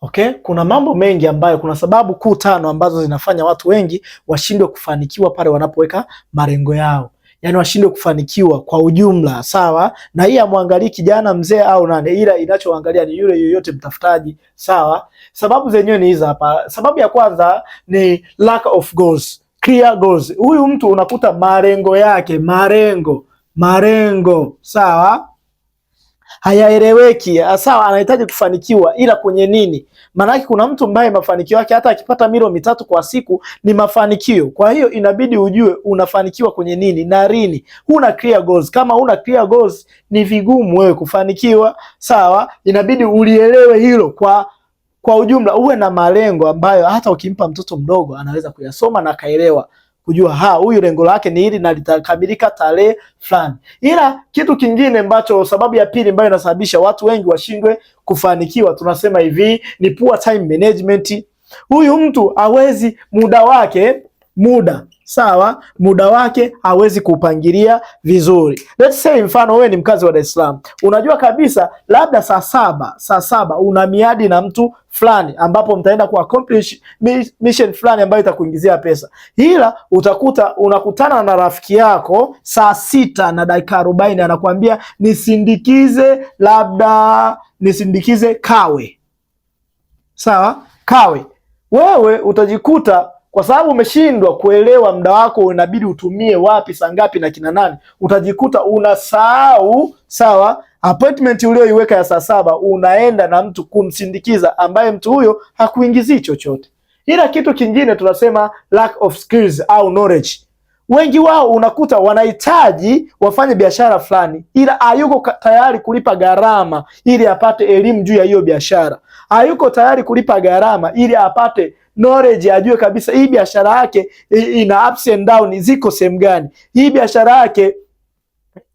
Okay? Kuna mambo mengi ambayo kuna sababu kuu tano ambazo zinafanya watu wengi washindwe kufanikiwa pale wanapoweka malengo yao, yaani washindwe kufanikiwa kwa ujumla, sawa. Na hii amwangalii kijana, mzee au nani, ila inachoangalia ni yule yoyote mtafutaji, sawa. Sababu zenyewe ni hizi hapa. Sababu ya kwanza ni lack of goals, clear goals. Huyu mtu unakuta malengo yake, malengo, malengo, sawa hayaeleweki. Sawa, anahitaji kufanikiwa, ila kwenye nini? Maanake kuna mtu ambaye mafanikio yake hata akipata milo mitatu kwa siku ni mafanikio. Kwa hiyo inabidi ujue unafanikiwa kwenye nini na lini. Huna clear goals. Kama huna clear goals, ni vigumu wewe kufanikiwa. Sawa, inabidi ulielewe hilo kwa kwa ujumla uwe na malengo ambayo hata ukimpa mtoto mdogo anaweza kuyasoma na akaelewa kujua ha huyu lengo lake ni hili na litakamilika tarehe fulani. Ila kitu kingine ambacho, sababu ya pili ambayo inasababisha watu wengi washindwe kufanikiwa, tunasema hivi ni poor time management. Huyu mtu hawezi muda wake, muda sawa, muda wake hawezi kuupangilia vizuri. Let's say mfano wewe ni mkazi wa Dar es Salaam, unajua kabisa labda saa saba saa saba una miadi na mtu fulani ambapo mtaenda ku accomplish mission fulani ambayo itakuingizia pesa, ila utakuta unakutana na rafiki yako saa sita na dakika arobaini anakuambia nisindikize, labda nisindikize Kawe, sawa, Kawe. Wewe utajikuta kwa sababu umeshindwa kuelewa muda wako unabidi utumie wapi, saa ngapi na kina nani, utajikuta unasahau. Sawa, appointment ulioiweka ya saa saba unaenda na mtu kumsindikiza ambaye mtu huyo hakuingizii chochote. Ila kitu kingine tunasema lack of skills au knowledge. Wengi wao unakuta wanahitaji wafanye biashara fulani, ila hayuko tayari kulipa gharama ili apate elimu juu ya hiyo biashara, hayuko tayari kulipa gharama ili apate knowledge, ajue kabisa hii biashara yake eh, ina ups and down ziko sehemu gani, hii biashara yake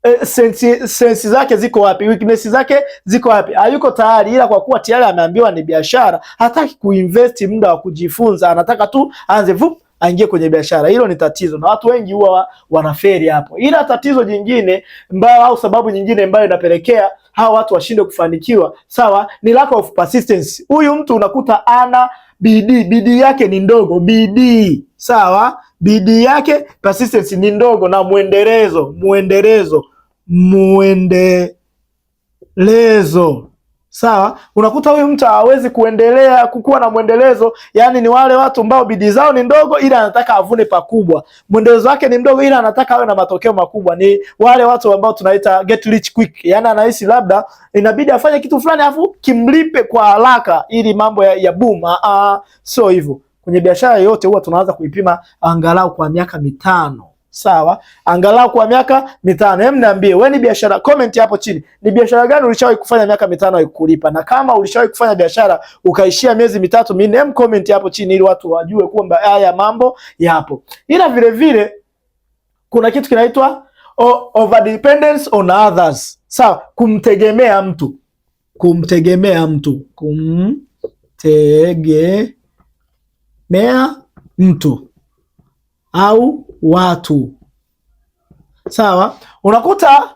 eh, sensi, sensi zake ziko wapi, weakness zake ziko wapi. Hayuko tayari, ila kwa kuwa tayari ameambiwa ni biashara, hataki kuinvest muda wa kujifunza, anataka tu aanze vup aingie kwenye biashara. Hilo ni tatizo, na watu wengi huwa wanaferi hapo. Ila tatizo jingine mbaya au sababu nyingine ambayo inapelekea hawa watu washinde kufanikiwa, sawa, ni lack of persistence. Huyu mtu unakuta ana bidii, bidii yake ni ndogo. Bidii sawa, bidii yake persistence ni ndogo, na mwendelezo, mwendelezo, mwendelezo Sawa, unakuta huyu mtu hawezi kuendelea kukuwa na mwendelezo, yani ni wale watu ambao bidii zao ni ndogo, ila anataka avune pakubwa. Mwendelezo wake ni mdogo, ila anataka awe na matokeo makubwa. Ni wale watu ambao tunaita get rich quick, yani anahisi labda inabidi afanye kitu fulani afu kimlipe kwa haraka ili mambo ya, ya boom. Ah, ah. Sio hivyo. Kwenye biashara yoyote huwa tunaanza kuipima angalau kwa miaka mitano sawa, angalau kwa miaka mitano. Hem, niambie wewe, ni biashara comment hapo chini, ni biashara gani ulishawahi kufanya miaka mitano haikulipa? Na kama ulishawahi kufanya biashara ukaishia miezi mitatu minne, hem, comment hapo chini, ili watu wajue kwamba haya mambo yapo. Ila vile vile kuna kitu kinaitwa over dependence on others, sawa, kumtegemea mtu, kumtegemea mtu, kumtegemea mtu au watu. Sawa, unakuta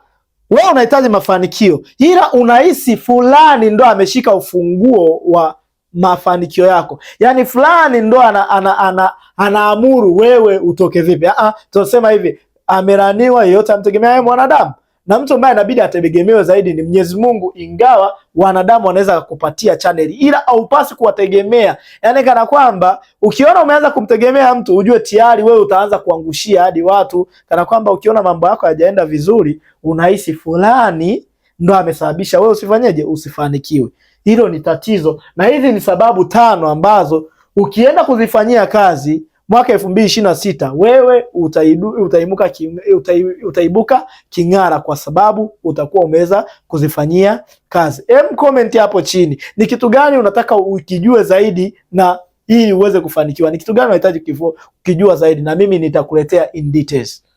wewe unahitaji mafanikio, ila unahisi fulani ndo ameshika ufunguo wa mafanikio yako, yaani fulani ndo ana, ana, ana, anaamuru wewe utoke vipi. Ah, ah, tunasema hivi, ameraniwa yeyote amtegemea yeye mwanadamu na mtu ambaye inabidi ategemewe zaidi ni Mwenyezi Mungu, ingawa wanadamu wanaweza kukupatia channel, ila haupasi kuwategemea. Yani kana kwamba ukiona umeanza kumtegemea mtu ujue tayari wewe utaanza kuangushia hadi watu, kana kwamba ukiona mambo yako hayajaenda vizuri unahisi fulani ndo amesababisha wewe usifanyeje, usifanikiwe. Hilo ni tatizo, na hizi ni sababu tano ambazo ukienda kuzifanyia kazi mwaka elfu mbili ishirini na sita wewe utaibu, utaibuka, king, utaibuka king'ara kwa sababu utakuwa umeweza kuzifanyia kazi. Em, comment hapo chini ni kitu gani unataka ukijue zaidi na ili uweze kufanikiwa. Ni kitu gani unahitaji ukijua zaidi, na mimi nitakuletea in details.